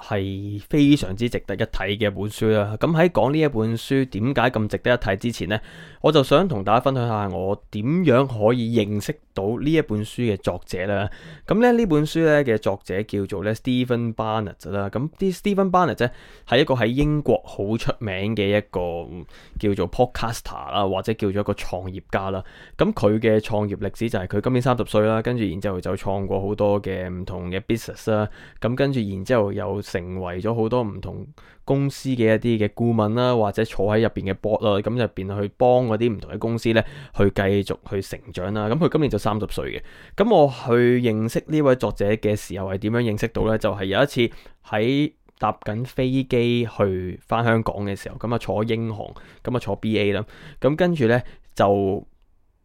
係非常之值得一睇嘅一本書啦。咁喺講呢一本書點解咁值得一睇之前呢，我就想同大家分享下我點樣可以認識到呢一本書嘅作者啦。咁咧呢本書咧嘅作者叫做咧 Stephen Barnett 啦、啊。咁、嗯、啲 Stephen Barnett 咧、啊、係一個喺英國好出名嘅一個叫做 podcaster 啦、啊，或者叫做一個創業家啦。咁佢嘅創業歷史就係佢今年三十歲啦，跟住然之後就創過好多嘅唔同嘅 business 啦。咁、啊、跟住然之後又成為咗好多唔同公司嘅一啲嘅顧問啦，或者坐喺入邊嘅 board 啦，咁入邊去幫嗰啲唔同嘅公司咧，去繼續去成長啦。咁佢今年就三十歲嘅。咁我去認識呢位作者嘅時候係點樣認識到咧？就係、是、有一次喺搭緊飛機去翻香港嘅時候，咁啊坐英航，咁啊坐 BA 啦，咁跟住咧就。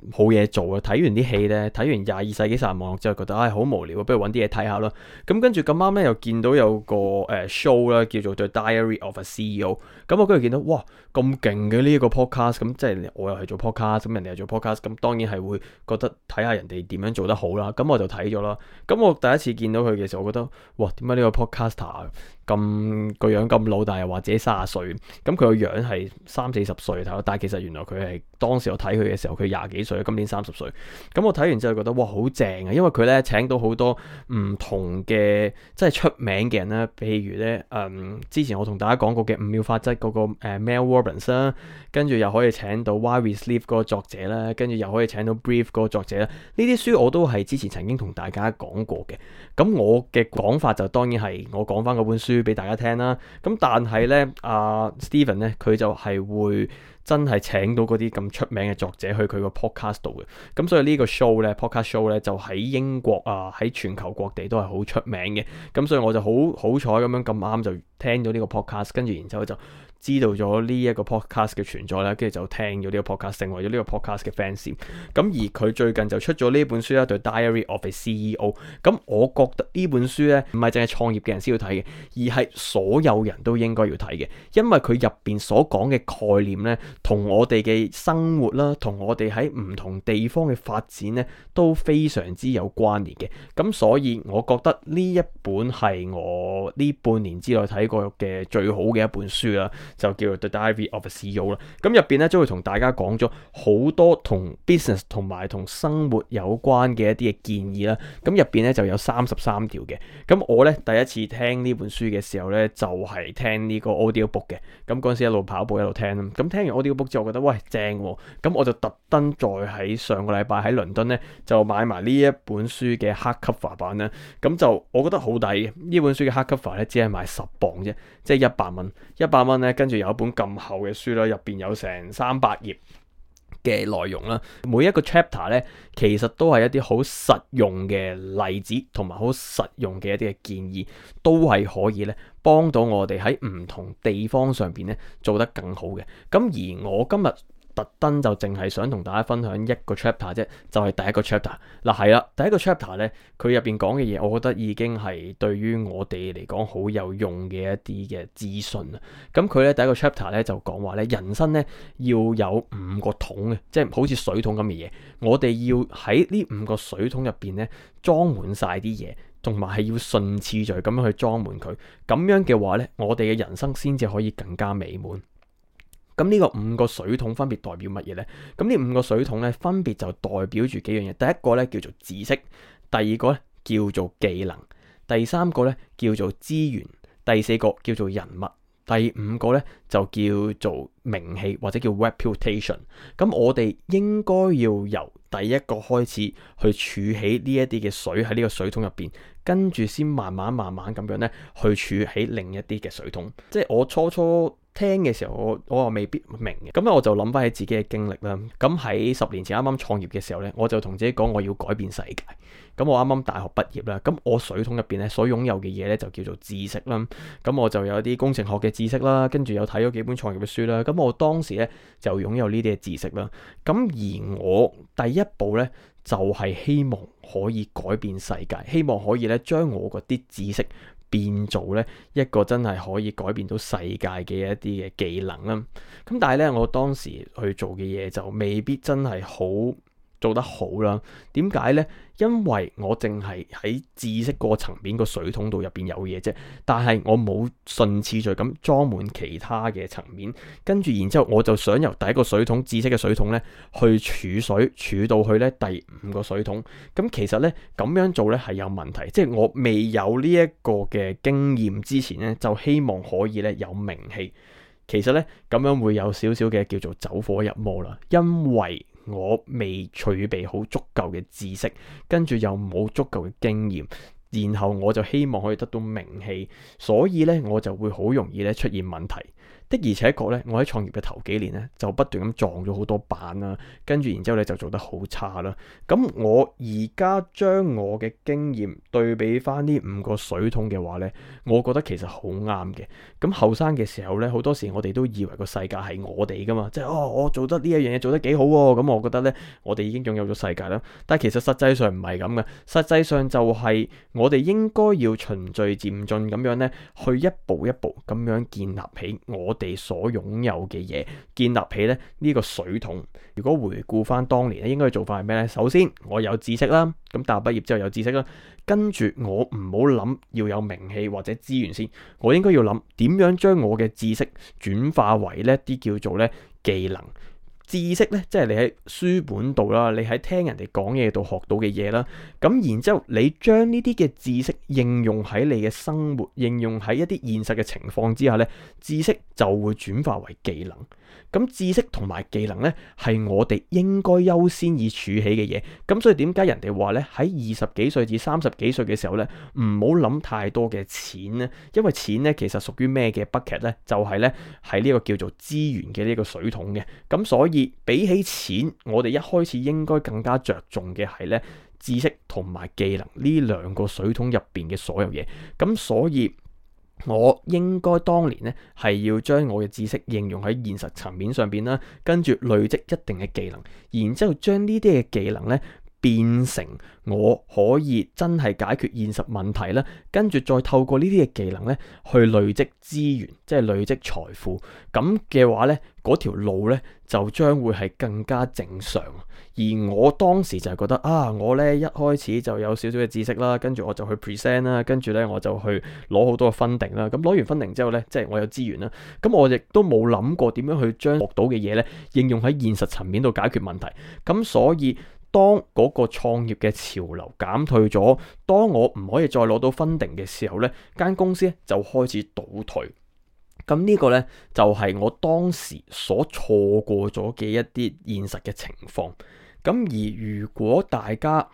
冇嘢做啊！睇完啲戲咧，睇完廿二世紀殺人網絡之後，覺得唉好、哎、無聊啊，不如揾啲嘢睇下咯。咁跟住咁啱咧，又見到有個誒、呃、show 啦，叫做《The Diary of a CEO、嗯》。咁我跟住見到哇咁勁嘅呢一個 podcast，咁、嗯、即係我又係做 podcast，咁人哋又做 podcast，咁、嗯、當然係會覺得睇下人哋點樣做得好啦。咁、嗯、我就睇咗啦。咁、嗯、我第一次見到佢嘅時候，我覺得哇，點解呢個 podcaster 咁個樣咁老大、嗯樣 3,，但係話自己卅歲，咁佢個樣係三四十歲頭，但係其實原來佢係。當時我睇佢嘅時候，佢廿幾歲，今年三十歲。咁我睇完之後覺得哇，好正啊！因為佢咧請到好多唔同嘅，即係出名嘅人啦、啊。譬如咧，嗯，之前我同大家講過嘅《五秒法則》嗰、那個 Mel Robbins 啦，跟住又可以請到 Why We Sleep 嗰、那個作者啦、啊，跟住又可以請到 Breathe 嗰個作者啦、啊。呢啲書我都係之前曾經同大家講過嘅。咁我嘅講法就當然係我講翻嗰本書俾大家聽啦。咁但係咧，阿 Stephen 咧，佢就係會。真係請到嗰啲咁出名嘅作者去佢個 podcast 度嘅，咁所以呢個 show 呢，podcast show 呢，就喺英國啊，喺全球各地都係好出名嘅。咁所以我就好好彩咁樣咁啱就聽咗呢個 podcast，跟住然之後就。知道咗呢一個 podcast 嘅存在咧，跟住就聽咗呢個 podcast，成為咗呢個 podcast 嘅 fans。咁而佢最近就出咗呢本書啦，《The Diary of a CEO》。咁我覺得呢本書呢，唔係淨係創業嘅人先要睇嘅，而係所有人都應該要睇嘅，因為佢入邊所講嘅概念呢，同我哋嘅生活啦，同我哋喺唔同地方嘅發展呢，都非常之有關聯嘅。咁所以，我覺得呢一本係我呢半年之內睇過嘅最好嘅一本書啦。就叫做 The Diary of a CEO 啦。咁入邊咧，將會同大家講咗好多同 business 同埋同生活有關嘅一啲嘅建議啦。咁入邊咧就有三十三條嘅。咁我咧第一次聽呢本書嘅時候咧，就係、是、聽呢個 Audio Book 嘅。咁嗰陣時一路跑步一路聽啦。咁聽完 Audio Book 之後，我覺得喂正喎、啊。咁我就特登再喺上個禮拜喺倫敦咧，就買埋呢一本書嘅 hard cover 版啦。咁就我覺得好抵嘅。呢本書嘅 hard cover 咧，只係買十磅啫，即係一百蚊。一百蚊咧。跟住有一本咁厚嘅書啦，入邊有成三百頁嘅內容啦。每一個 chapter 呢，其實都係一啲好實用嘅例子，同埋好實用嘅一啲嘅建議，都係可以呢幫到我哋喺唔同地方上邊呢做得更好嘅。咁而我今日，特登就淨係想同大家分享一個 chapter 啫，就係第一個 chapter。嗱係啦，第一個 chapter 咧，佢入邊講嘅嘢，我覺得已經係對於我哋嚟講好有用嘅一啲嘅資訊啊。咁佢咧第一個 chapter 咧就講話咧，人生咧要有五個桶嘅，即係好似水桶咁嘅嘢。我哋要喺呢五個水桶入邊咧裝滿晒啲嘢，同埋係要順次序咁樣去裝滿佢。咁樣嘅話咧，我哋嘅人生先至可以更加美滿。咁呢個五個水桶分別代表乜嘢呢？咁呢五個水桶咧，分別就代表住幾樣嘢。第一個咧叫做知識，第二個咧叫做技能，第三個咧叫做資源，第四個叫做人脈，第五個咧就叫做名氣或者叫 reputation。咁我哋應該要由第一個開始去儲起呢一啲嘅水喺呢個水桶入邊，跟住先慢慢慢慢咁樣咧去儲起另一啲嘅水桶。即係我初初聽嘅時候，我我又未必明嘅。咁咧，我就諗翻起自己嘅經歷啦。咁喺十年前啱啱創業嘅時候呢，我就同自己講，我要改變世界。咁我啱啱大學畢業啦。咁我水桶入邊咧所擁有嘅嘢呢就叫做知識啦。咁我就有啲工程學嘅知識啦，跟住有睇咗幾本創業嘅書啦。咁我當時呢就擁有呢啲嘅知識啦。咁而我第一步呢，就係希望可以改變世界，希望可以呢將我嗰啲知識。變做呢一個真係可以改變到世界嘅一啲嘅技能啦，咁但係呢我當時去做嘅嘢就未必真係好，做得好啦？點解呢？因為我淨係喺知識個層面個水桶度入邊有嘢啫，但係我冇順次序咁裝滿其他嘅層面，跟住然之後我就想由第一個水桶知識嘅水桶呢去儲水儲到去呢第五個水桶。咁其實呢，咁樣做呢係有問題，即係我未有呢一個嘅經驗之前呢，就希望可以呢有名氣。其實呢，咁樣會有少少嘅叫做走火入魔啦，因為我未儲備好足夠嘅知識，跟住又冇足夠嘅經驗，然後我就希望可以得到名氣，所以呢我就會好容易呢出現問題。的而且確咧，我喺創業嘅頭幾年咧，就不斷咁撞咗好多板啦，跟住然之後咧就做得好差啦。咁我而家將我嘅經驗對比返呢五個水桶嘅話咧，我覺得其實好啱嘅。咁後生嘅時候咧，好多時我哋都以為個世界係我哋㗎嘛，即係哦，我做得呢一樣嘢做得幾好喎，咁我覺得咧，我哋已經擁有咗世界啦。但係其實實際上唔係咁嘅，實際上就係我哋應該要循序漸進咁樣咧，去一步一步咁樣建立起我哋所擁有嘅嘢，建立起咧呢個水桶。如果回顧翻當年咧，應該做法係咩呢？首先我有知識啦，咁大學畢業之後有知識啦，跟住我唔好諗要有名氣或者資源先，我應該要諗點樣將我嘅知識轉化為呢啲叫做呢技能。知識呢，即係你喺書本度啦，你喺聽人哋講嘢度學到嘅嘢啦，咁然之後你將呢啲嘅知識應用喺你嘅生活，應用喺一啲現實嘅情況之下呢，知識就會轉化為技能。咁知識同埋技能呢，係我哋應該優先而儲起嘅嘢。咁所以點解人哋話呢，喺二十幾歲至三十幾歲嘅時候呢，唔好諗太多嘅錢呢？因為錢呢，其實屬於咩嘅 bucket 呢？就係呢，係呢個叫做資源嘅呢個水桶嘅。咁所以比起錢，我哋一開始應該更加着重嘅係呢知識同埋技能呢兩個水桶入邊嘅所有嘢。咁所以。我應該當年呢係要將我嘅知識應用喺現實層面上邊啦，跟住累積一定嘅技能，然之後將呢啲嘅技能呢，變成我可以真係解決現實問題啦。跟住再透過呢啲嘅技能呢，去累積資源，即係累積財富。咁嘅話呢，嗰條路呢，就將會係更加正常。而我當時就係覺得啊，我呢，一開始就有少少嘅知識啦，跟住我就去 present 啦，跟住呢，我就去攞好多嘅 funding 啦。咁攞完 funding 之後呢，即係我有資源啦。咁我亦都冇諗過點樣去將學到嘅嘢呢，應用喺現實層面度解決問題。咁所以。當嗰個創業嘅潮流減退咗，當我唔可以再攞到 funding 嘅時候，呢間公司咧就開始倒退。咁呢個呢，就係我當時所錯過咗嘅一啲現實嘅情況。咁而如果大家，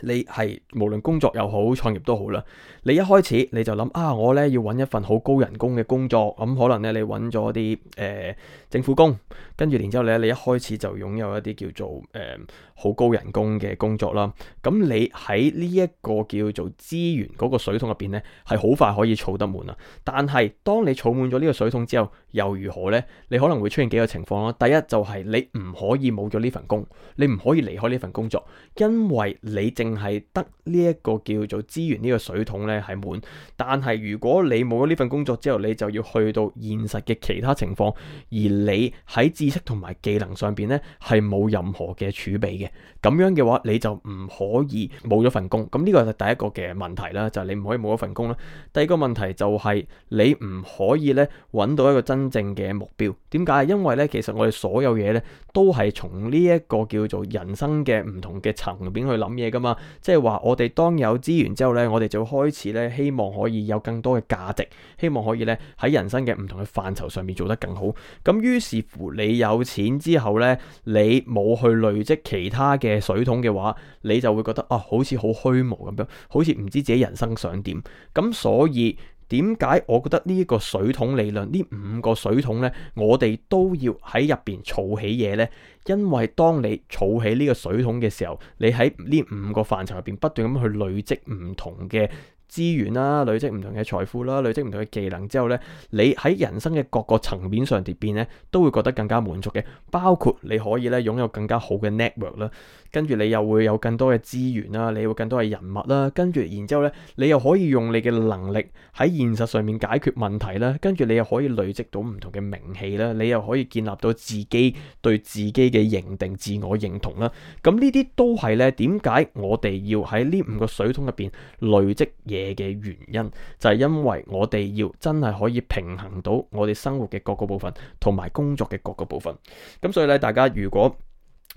你係無論工作又好創業都好啦，你一開始你就諗啊，我呢要揾一份好高人工嘅工作，咁、嗯、可能呢，你揾咗啲誒政府工，跟住然之後呢，你一開始就擁有一啲叫做誒好、呃、高人工嘅工作啦。咁、嗯、你喺呢一個叫做資源嗰個水桶入邊呢，係好快可以儲得滿啊。但係當你儲滿咗呢個水桶之後，又如何呢？你可能會出現幾個情況啦。第一就係你唔可以冇咗呢份工，你唔可以離開呢份工作，因為你正，淨係得呢一個叫做資源呢個水桶呢係滿，但係如果你冇咗呢份工作之後，你就要去到現實嘅其他情況，而你喺知識同埋技能上邊呢係冇任何嘅儲備嘅。咁樣嘅話，你就唔可以冇咗份工。咁呢個就第一個嘅問題啦，就係你唔可以冇咗份工啦。第二個問題就係你唔可以呢揾到一個真正嘅目標。點解？因為咧，其實我哋所有嘢咧，都係從呢一個叫做人生嘅唔同嘅層面去諗嘢噶嘛。即係話，我哋當有資源之後咧，我哋就開始咧，希望可以有更多嘅價值，希望可以咧喺人生嘅唔同嘅範疇上面做得更好。咁於是乎，你有錢之後咧，你冇去累積其他嘅水桶嘅話，你就會覺得啊，好似好虛無咁樣，好似唔知自己人生想點。咁所以。點解我覺得呢個水桶理論，呢五個水桶呢，我哋都要喺入邊儲起嘢呢？因為當你儲起呢個水桶嘅時候，你喺呢五個範疇入邊不斷咁去累積唔同嘅資源啦，累積唔同嘅財富啦，累積唔同嘅技能之後呢，你喺人生嘅各個層面上邊呢，都會覺得更加滿足嘅。包括你可以呢擁有更加好嘅 network 啦。跟住你又會有更多嘅資源啦，你會更多嘅人物啦，跟住然之後呢，你又可以用你嘅能力喺現實上面解決問題啦，跟住你又可以累積到唔同嘅名氣啦，你又可以建立到自己對自己嘅認定、自我認同啦。咁呢啲都係呢點解我哋要喺呢五個水桶入邊累積嘢嘅原因，就係因為我哋要真係可以平衡到我哋生活嘅各個部分同埋工作嘅各個部分。咁所以呢，大家如果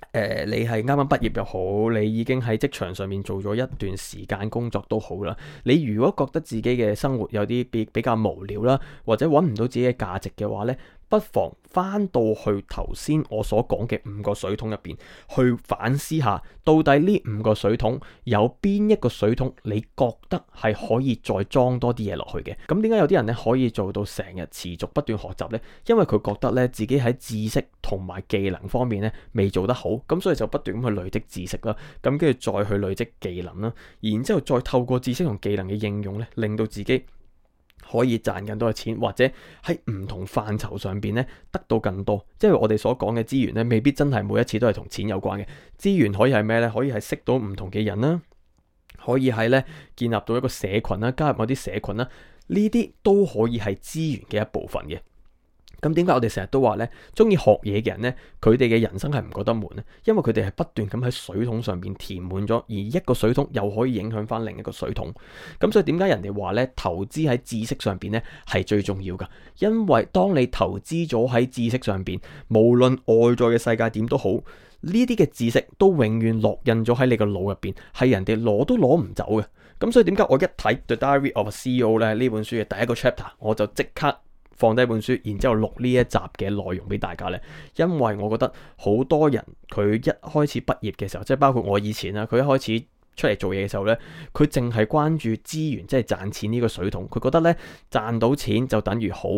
誒、呃，你係啱啱畢業又好，你已經喺職場上面做咗一段時間工作都好啦。你如果覺得自己嘅生活有啲比比較無聊啦，或者揾唔到自己嘅價值嘅話呢。不妨翻到去頭先我所講嘅五個水桶入邊去反思下，到底呢五個水桶有邊一個水桶，你覺得係可以再裝多啲嘢落去嘅？咁點解有啲人咧可以做到成日持續不斷學習呢？因為佢覺得咧自己喺知識同埋技能方面咧未做得好，咁所以就不斷去累積知識啦，咁跟住再去累積技能啦，然之後再透過知識同技能嘅應用咧，令到自己，可以賺更多嘅錢，或者喺唔同範疇上邊咧得到更多，即係我哋所講嘅資源咧，未必真係每一次都係同錢有關嘅資源可，可以係咩咧？可以係識到唔同嘅人啦，可以係咧建立到一個社群啦，加入一啲社群啦，呢啲都可以係資源嘅一部分嘅。咁點解我哋成日都話咧，中意學嘢嘅人咧，佢哋嘅人生係唔覺得悶咧？因為佢哋係不斷咁喺水桶上邊填滿咗，而一個水桶又可以影響翻另一個水桶。咁所以點解人哋話咧，投資喺知識上邊咧係最重要噶？因為當你投資咗喺知識上邊，無論外在嘅世界點都好，呢啲嘅知識都永遠烙印咗喺你個腦入邊，係人哋攞都攞唔走嘅。咁所以點解我一睇《The Diary of a CEO》咧呢本書嘅第一個 chapter，我就即刻，放低本書，然之後錄呢一集嘅內容俾大家呢，因為我覺得好多人佢一開始畢業嘅時候，即係包括我以前啦，佢一開始出嚟做嘢嘅時候呢，佢淨係關注資源，即係賺錢呢個水桶，佢覺得呢，賺到錢就等於好。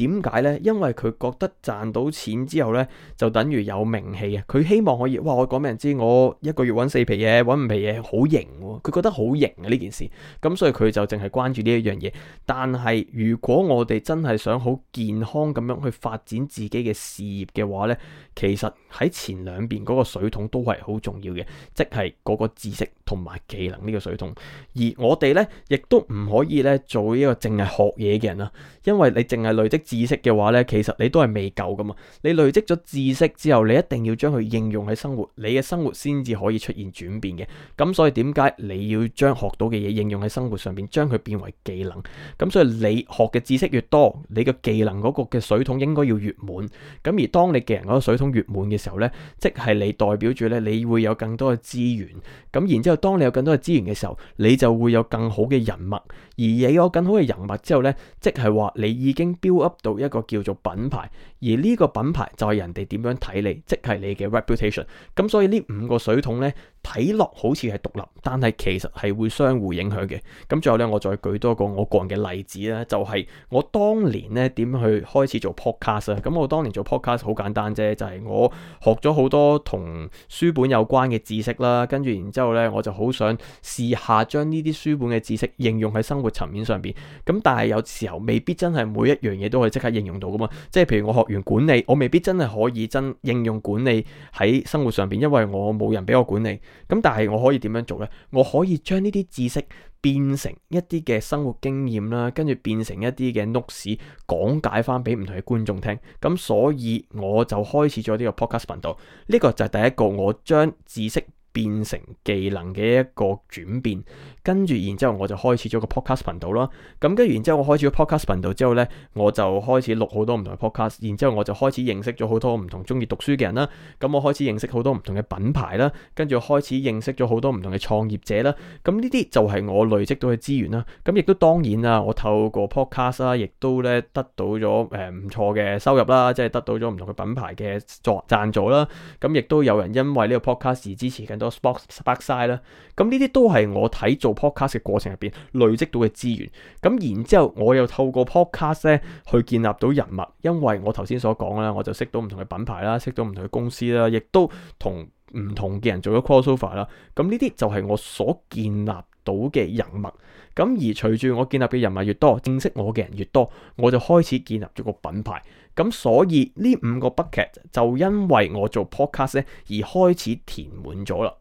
點解呢？因為佢覺得賺到錢之後呢，就等於有名氣啊！佢希望可以哇，我講俾人知，我一個月揾四皮嘢，揾五皮嘢，好型喎，哦！佢覺得好型啊呢件事。咁、嗯、所以佢就淨係關注呢一樣嘢。但係如果我哋真係想好健康咁樣去發展自己嘅事業嘅話呢，其實喺前兩邊嗰個水桶都係好重要嘅，即係嗰個知識同埋技能呢個水桶。而我哋呢，亦都唔可以呢做呢個淨係學嘢嘅人啦，因為你淨係累積。知識嘅話呢，其實你都係未夠㗎嘛。你累積咗知識之後，你一定要將佢應用喺生活，你嘅生活先至可以出現轉變嘅。咁所以點解你要將學到嘅嘢應用喺生活上邊，將佢變為技能？咁所以你學嘅知識越多，你嘅技能嗰個嘅水桶應該要越滿。咁而當你技能嗰個水桶越滿嘅時候呢，即係你代表住呢，你會有更多嘅資源。咁然之後，當你有更多嘅資源嘅時候，你就會有更好嘅人脈。而你有更好嘅人脈之後呢，即係話你已經 build up。到一個叫做品牌，而呢個品牌就係人哋點樣睇你，即係你嘅 reputation。咁所以呢五個水桶呢，睇落好似係獨立，但係其實係會相互影響嘅。咁最後咧，我再舉多個我個人嘅例子啦，就係我當年咧點去開始做 podcast 啊。咁我當年做 podcast 好簡單啫，就係我學咗好多同書本有關嘅知識啦，跟住然之後咧，我就好想試下將呢啲書本嘅知識應用喺生活層面上邊。咁但係有時候未必真係每一樣嘢都可以即刻應用到噶嘛。即係譬如我學完管理，我未必真係可以真應用管理喺生活上邊，因為我冇人俾我管理。咁但係我可以點樣做呢？我可以將呢啲知識變成一啲嘅生活經驗啦，跟住變成一啲嘅 notes 講解翻俾唔同嘅觀眾聽。咁所以我就開始咗呢個 podcast 頻道。呢個就係第一個我將知識變成技能嘅一個轉變，跟住然之後我就開始咗個 podcast 頻道啦。咁跟住然之後我開始咗 podcast 頻道之後呢，我就開始錄好多唔同嘅 podcast。然之後我就開始認識咗好多唔同中意讀書嘅人啦。咁、嗯、我開始認識好多唔同嘅品牌啦。跟住開始認識咗好多唔同嘅創業者啦。咁呢啲就係我累積到嘅資源啦。咁、嗯、亦都當然啦、啊，我透過 podcast 啦、啊，亦都咧得到咗誒唔錯嘅收入啦，即係得到咗唔同嘅品牌嘅作贊助啦。咁、嗯、亦都有人因為呢個 podcast 而支持緊。多 Sparksine 啦，咁呢啲都係我睇做 podcast 嘅過程入邊累積到嘅資源，咁然之後我又透過 podcast 咧去建立到人脈，因為我頭先所講啦，我就識到唔同嘅品牌啦，識到唔同嘅公司啦，亦都同唔同嘅人做咗 crossover 啦，咁呢啲就係我所建立到嘅人脈，咁而隨住我建立嘅人脈越多，認識我嘅人越多，我就開始建立咗個品牌，咁所以呢五個 bucket 就因為我做 podcast 咧而開始填滿咗啦，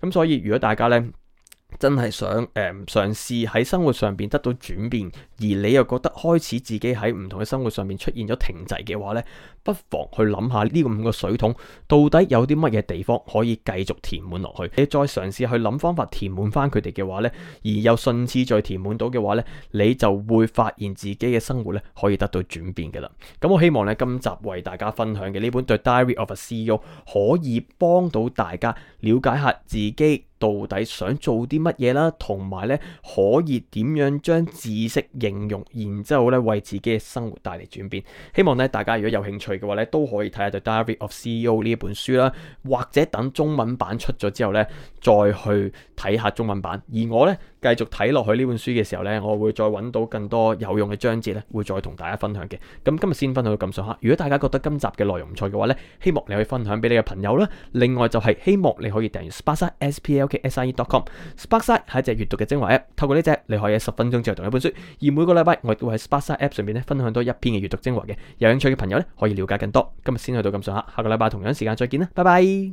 咁所以如果大家咧。真係想誒嘗試喺生活上邊得到轉變，而你又覺得開始自己喺唔同嘅生活上面出現咗停滯嘅話呢，不妨去諗下呢五個水桶到底有啲乜嘢地方可以繼續填滿落去，你再嘗試去諗方法填滿翻佢哋嘅話呢，而又順次再填滿到嘅話呢，你就會發現自己嘅生活咧，可以得到轉變嘅啦。咁我希望呢今集為大家分享嘅呢本《The Diary of a CEO》可以幫到大家了解下自己。到底想做啲乜嘢啦，同埋咧可以點樣將知識應用，然之後咧為自己嘅生活帶嚟轉變。希望咧大家如果有興趣嘅話咧，都可以睇下《The Diary of CEO》呢一本書啦，或者等中文版出咗之後咧，再去睇下中文版。而我咧繼續睇落去呢本書嘅時候咧，我會再揾到更多有用嘅章節咧，會再同大家分享嘅。咁今日先分享到咁上下。如果大家覺得今集嘅內容唔錯嘅話咧，希望你可以分享俾你嘅朋友啦。另外就係希望你可以訂閱 Sparksine。OK S I E dot com Sparksine，係一隻閱讀嘅精華 App，透過呢隻你可以喺十分鐘之內讀一本書。而每個禮拜我亦都會喺 Sparksine App 上面咧分享多一篇嘅閱讀精華嘅。有興趣嘅朋友咧可以了解更多。今日先去到咁上下，下個禮拜同樣時間再見啦，拜拜。